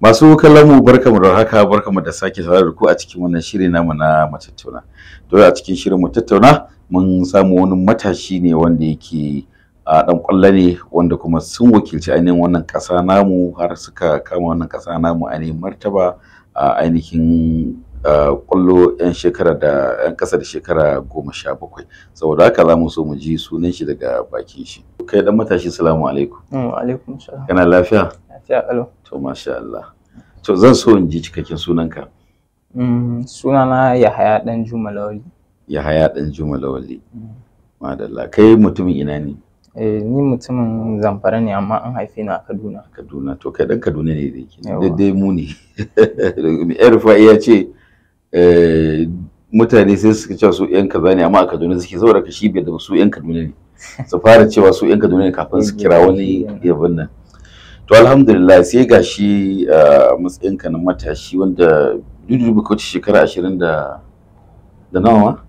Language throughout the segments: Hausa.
Masu kallon mu mu da haka mu da sake saurara da ku a cikin wannan shiri namu na matattauna. To a cikin shirin mu tattauna mun samu wani matashi ne wanda yake a dan kwallo ne wanda kuma sun wakilci ainihin wannan kasa namu har suka kama wannan kasa namu ainihin martaba a ainihin kwallo yan shekara da yan kasa da shekara goma sha bakwai saboda haka za mu so mu ji sunan shi daga bakin shi kai dan matashi salamu alaikum wa alaikum salam kana lafiya lafiya ƙalau to masha Allah to zan so in ji cikakken sunanka mm, sunana Yahaya dan Jumalawali Yahaya dan Jumalawali mm. madalla kai mutumin ina ne eh ni mutumin Zamfara ne amma an haife ni a Kaduna Kaduna to kai dan Kaduna ne dai yake daidai mu ne Erfa ya ce eh, mutane sai suka cewa su yan kaza ne amma a Kaduna suke saboda ka shi da su yan Kaduna ne su fara cewa su yan Kaduna ne kafin su kira wani yabin nan to alhamdulillah sai ga shi a uh, matsayinka na matashi wanda dudu ba kauce shekara ashirin da da nawa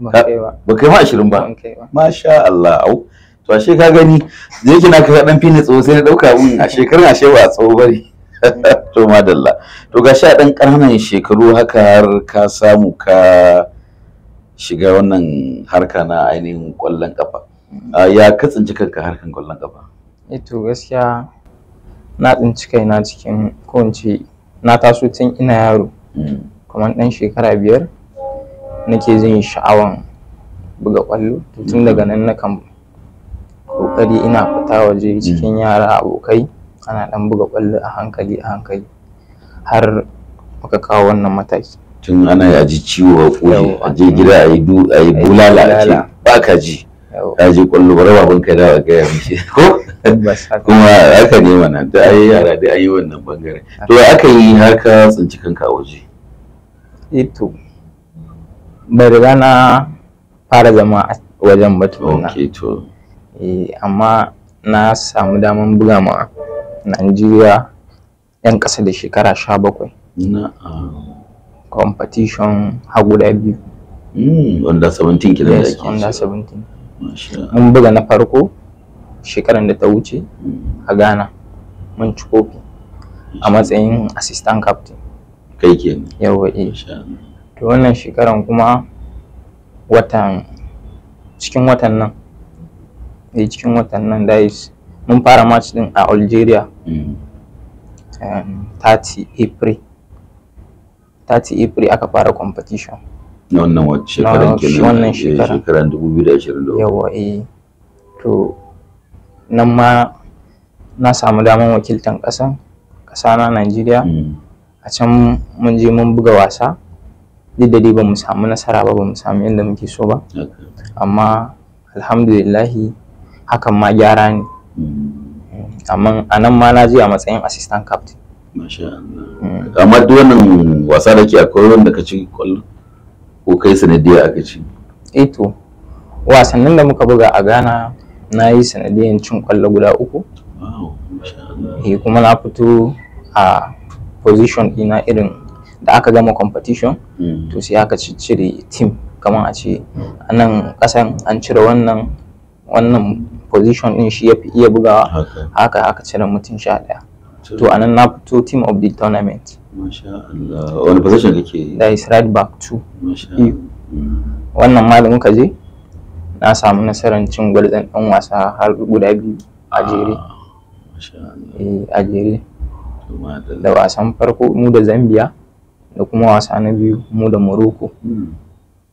ba kai ma ashirin ba masha Allah au to ashe ka gani da yake na kai dan fini tsawo sai na dauka mun a shekarun ashe ba tsawo bari to madalla to ga sha dan ƙananan shekaru haka har ka samu ka shiga wannan harka na ainihin kwallon kafa mm. uh, ya ka tsinci kanka harkan kwallon kafa Eh to gaskiya na tsinci kaina cikin ko na taso tun ina yaro kamar ɗan shekara biyar nake jin sha'awan buga ƙwallo tun daga nan na kan ƙoƙari ina fita waje cikin yara abokai ana ɗan buga ƙwallo a hankali a hankali har muka kawo wannan mataki tun ana yaji ciwo a ƙoƙari a je gida a yi bulala a ce ba ka ji ka je kwallo bari baban ka dawo ga ya mishi ko kuma haka ne mana da ai yara da ai wannan bangare to aka yi haka tsinci kanka a waje ito eh bai riga na fara zama a wajen ba tukuna eh, amma na samu daman buga ma Najeriya yan ƙasa da shekara sha bakwai competition ha guda biyu wanda hmm, 17 kenan da ake 17 mun buga na farko shekaran da ta wuce a ghana mun ci kofi a matsayin assistant captain kai ke yawa eh to wannan shekaran kuma watan cikin watan nan eh cikin watan nan da mun fara match din a algeria mm. um, 30 april 30 april aka fara competition wannan shekaran ah, kenan wannan shekaran 2023 yawa eh to nan ma na samu daman wakiltan ƙasan ƙasa na Najeriya mm. a can mun je mun buga wasa duk da dai ba mu samu nasara ba ba mu samu yadda muke so ba amma alhamdulillahi hakan ma gyara ne mm. eh, amma a nan ma na je a matsayin assistant captain mm. amma duk wannan wasa da ke akwai wanda ka ci kwallo ko kai sanadiyar aka ci eto eh wasannin da muka buga a ghana na yi sanadiyar cin kwallo guda uku e kuma na fito a position ina irin da aka gama competition hmm. to sai aka cire team kamar a ce a nan kasan an cire wannan wannan position din shi ya fi iya bugawa haka aka cire mutum sha daya to anan na fito team of the tournament Wani position kake yi? is right back Wannan malamin ka je? Na samu nasarar cin gwarzan ɗan wasa har guda biyu a ah, jere. Eh, a jere. Da wasan farko mu da Zambia da kuma wasa na biyu mu da Morocco. Hmm.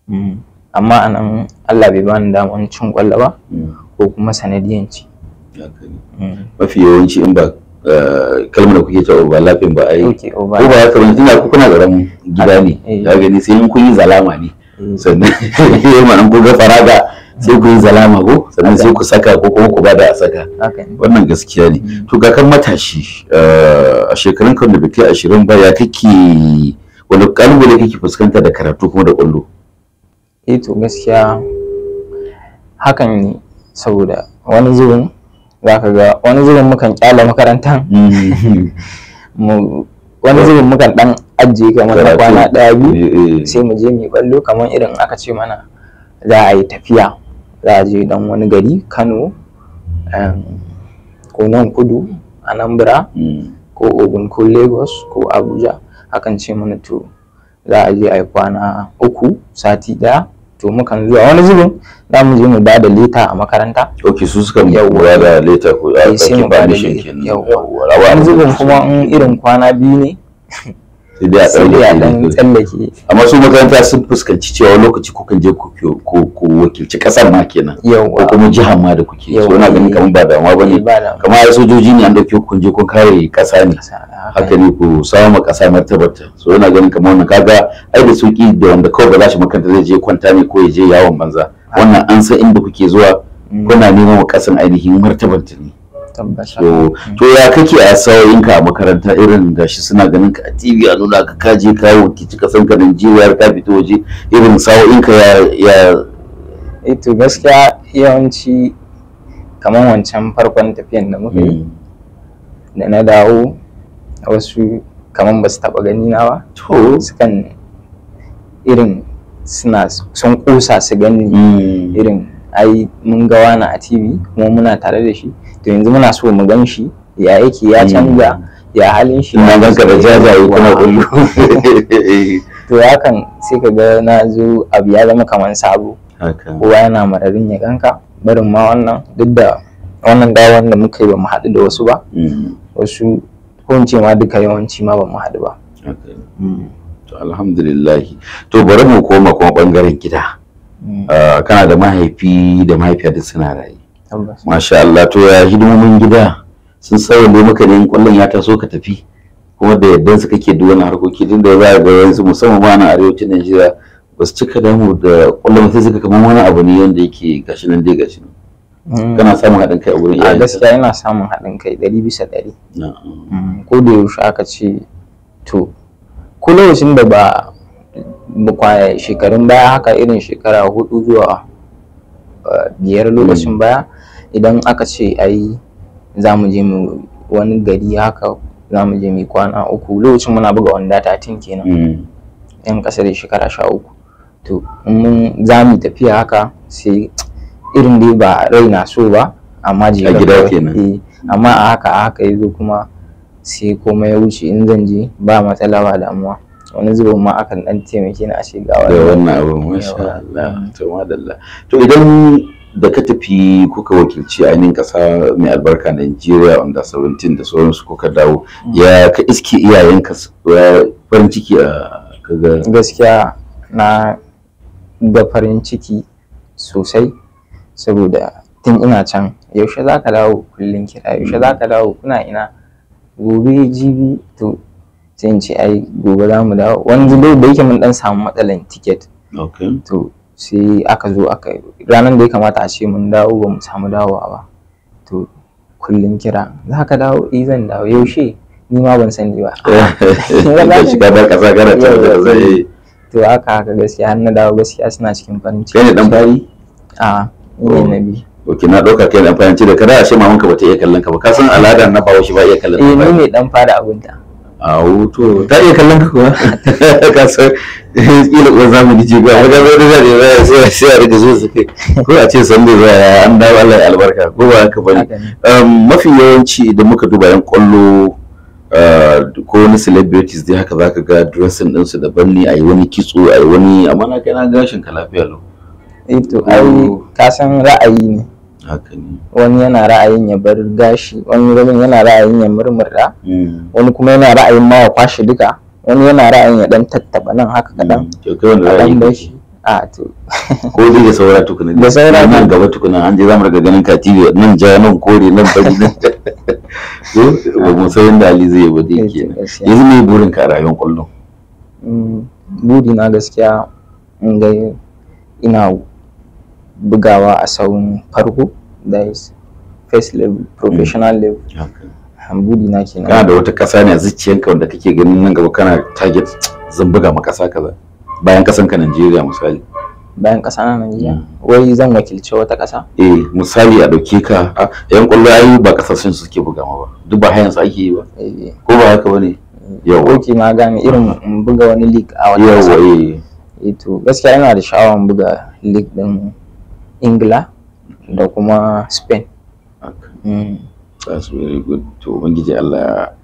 Hmm. Amma a nan Allah bai bani damar cin ƙwallo ba hmm. ko kuma sanadiyanci. Mafi yawanci in ba kalmar da kuke ta overlapping ba ai ko ba ya kamar ina ku kuna tsaron gida ne eh. ka gani sai in kun yi zalama ne eh. sannan yayin ma ko ga faraga sai kun yi zalama ko sannan sai ku saka ko kuma ku bada a saka wannan gaskiya ne hmm. to ga kan matashi eh, a shekarun kan da bai kai ashirin ba ya kake wani kalubale kake fuskanta da karatu kuma da kwallo eh to gaskiya hakan ne saboda wani zuwan zaka ga wani zubin mukan kyala makarantan mm. wani zubin mukan dan ajiye kamar na kwana ɗaya biyu eh, eh. sai mu je mu ballo kamar irin aka ce mana za a yi tafiya za a je dan wani gari kano ko nan kudu anambra mm. ko ogun ko lagos ko abuja akan ce mana to za a je a yi kwana uku sati ɗaya to mukan zuwa wani zubin za mu je mu ba da leta a makaranta ok su suka ba da leta ko a kan ba da shi kenan wani zubin kuma in irin kwana biyu ne sai dai a tsallake amma su makaranta sun fuskanci cewa lokaci kukan je ko wakilci kasar ma kenan ko kuma jihar ma da kuke so na ganin kamar ba damuwa ba ne eh, kamar sojoji ne an dauke kun je kun kare kasa ne haka ne ku samu kasa martabarta so yana ganin kamar wannan kaga ai da sauki da wanda kawai ba za shi makaranta zai je kwanta ne ko ya je yawon banza wannan an san inda kuke zuwa mm. kuna neman wa kasan ainihin martabarta ne so mm. to ya kake a ka a makaranta irin da shi suna ganin ka a tv a nuna ka kaje ka wanki kasan ka najeriya ka fito waje irin ka ya ya eh to gaskiya yawanci kamar wancan farkon tafiyan da muka yi mm. da na dawo wasu kamar ba su taɓa gani na ba to sukan irin suna sun kusa su gani mm. irin ai mun ga wani a tv kuma muna tare da shi to yanzu muna so mu gan shi ya yake ya hmm. canza ya halin shi na ganka da jajaye kuma kullu to hakan sai ka ga na zo abu ya zama kamar sabo kowa yana mararin ya ganka barin ma wannan duk da wannan gawan da muka yi ba mu haɗu da wasu ba hmm. wasu ko ma duka yawanci ma ba mu haɗu ba hmm. to alhamdulillah to bari mu koma kuma bangaren gida ah, kana da mahaifi da mahaifiya duk suna rayu masha Allah to ya hidimomin gida sun tsawon da maka ne kwallon ya taso ka tafi kuma da yaddan su kake duwan harkoki tun da za ga yanzu musamman ma na arewacin Najeriya ba su cika damu da kwallon sai suka kamar wani abu ne wanda yake gashi nan dai gashi nan mm. kana samun haɗin kai a wurin A gaskiya ina samun haɗin kai ɗari bisa ɗari mm, ko da yaushe aka ce to ko lokacin da ba shekarun baya haka irin shekara hudu zuwa eh, biyar mm. lokacin baya idan aka ce ai za mu je mu wani gari haka za mu je mu kwana uku lokacin muna buga wanda tatin kenan hmm. yan ƙasa da shekara sha uku to mun za mu tafiya haka sai irin dai ba rai na so ba amma je a gida kenan eh, amma a haka a haka yazo kuma sai komai ya wuce in zan je ba matsala ba damuwa wani zubin ma akan dan taimake ni a ce da wannan abin masha Allah mm. to madalla to idan da ka tafi kuka wakilci ainihin kasa mai albarka Najeriya the 17 da sauransu kuka dawo ya ka iske ka farin ciki a kaga gaskiya na da farin ciki sosai saboda tun ina can yaushe za ka dawo kullum kira yaushe za ka dawo kuna ina gobe jibi to sai in ce ai gobe za mu dawo wani dai da yake mun dan samu matsalan tiket to sai aka zo aka ranar da ya kamata a ce mun dawo ba mu samu dawowa ba to kullum kira za ka dawo eh zan dawo yaushe ni ma ban sani ba shiga da kasa gara ta zai to haka haka gaskiya har na dawo gaskiya suna cikin farin ciki kai ne dan fari a ni na bi ok na ɗauka kai dan fari da kada a ce mamanka bata iya kallon ka ba ka san al'adar na bawo shi ba iya kallon ka eh ni ne dan fara abunta a to ta iya kallon ka kuwa ka san Eh, kila uwar zamani ce ga wajen zai sai sai a rage zuwa ko a ce an dawo Allah ya albarka ko ba haka bane um, mafi yawanci idan muka duba yan kwallo uh, ko wani celebrities dai haka zaka ga dressing din su daban ne ayi wani kitso ayi wani amma na kai gashin ka lafiya lo eh to ai ka san ra'ayi ne haka ne wani yana ra'ayin ya bar gashi wani yana ra'ayin ya murmurda mm. wani kuma yana ra'ayin ma ya kwashe duka wani yana ra'ayin ya dan tattaba nan haka kaɗan mm, a dan shi. a to ko zai da saura tukuna da saura nan gaba tukuna an je zamu riga ganin TV nan ja nan kore nan bari nan to ba mu san yanda Ali zai ba dai eh, kenan yanzu me burin ka a rayuwar kullum mm, buri na gaskiya in ga ina bugawa a sauran farko da is first level professional mm. level hamburi na kenan kana da wata kasa ne a zuciyanka wanda kake ganin nan gaba kana target zan buga ma kasa kaza bayan kasan ka Najeriya misali bayan kasa na Najeriya mm. wai zan wakilce wata kasa eh misali a dauke ka yan kullu ayu ba kasashen suke buga ma ba duk ba hayan su ake yi ba eh. ko ba haka bane yawa oke na gane irin in buga wani league a wata kasa eh. eh to gaskiya ina da sha'awar buga league din Ingila da kuma Spain okay. mm. that's very good to ubangiji Allah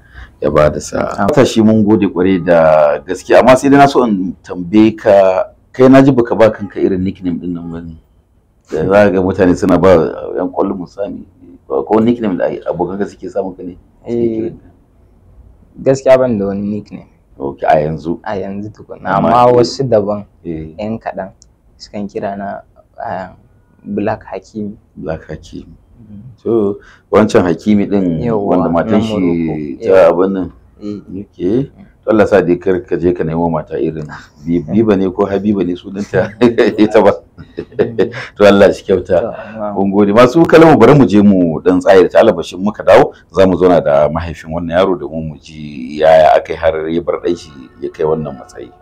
ya ba da sa. ta shi mun gode kware da gaskiya amma sai dai na so in tambaye ka kai na ji baka ba kanka irin nickname din nan bane da za ga mutane suna ba yan kwallo musami ko nickname da abokan ka suke samu ka ne eh, gaskiya ban da wani nickname ok a yanzu a yanzu tukuna amma wasu daban eh. yan kaɗan sukan kira na ah, black hakimi black hakimi so wancan hakimi din wanda matan shi ta abin nan eh. yake Allah sa dai kar ka je ka nemo mata irin biba ne ko habiba ne sunanta ita ba mm. to Allah shi kyauta kun gode su kalamu bari mu je mu dan tsayar ta albashin muka dawo za mu zauna da mahaifin wannan yaro da mu ji yaya akai har ya dan shi ya kai wannan matsayi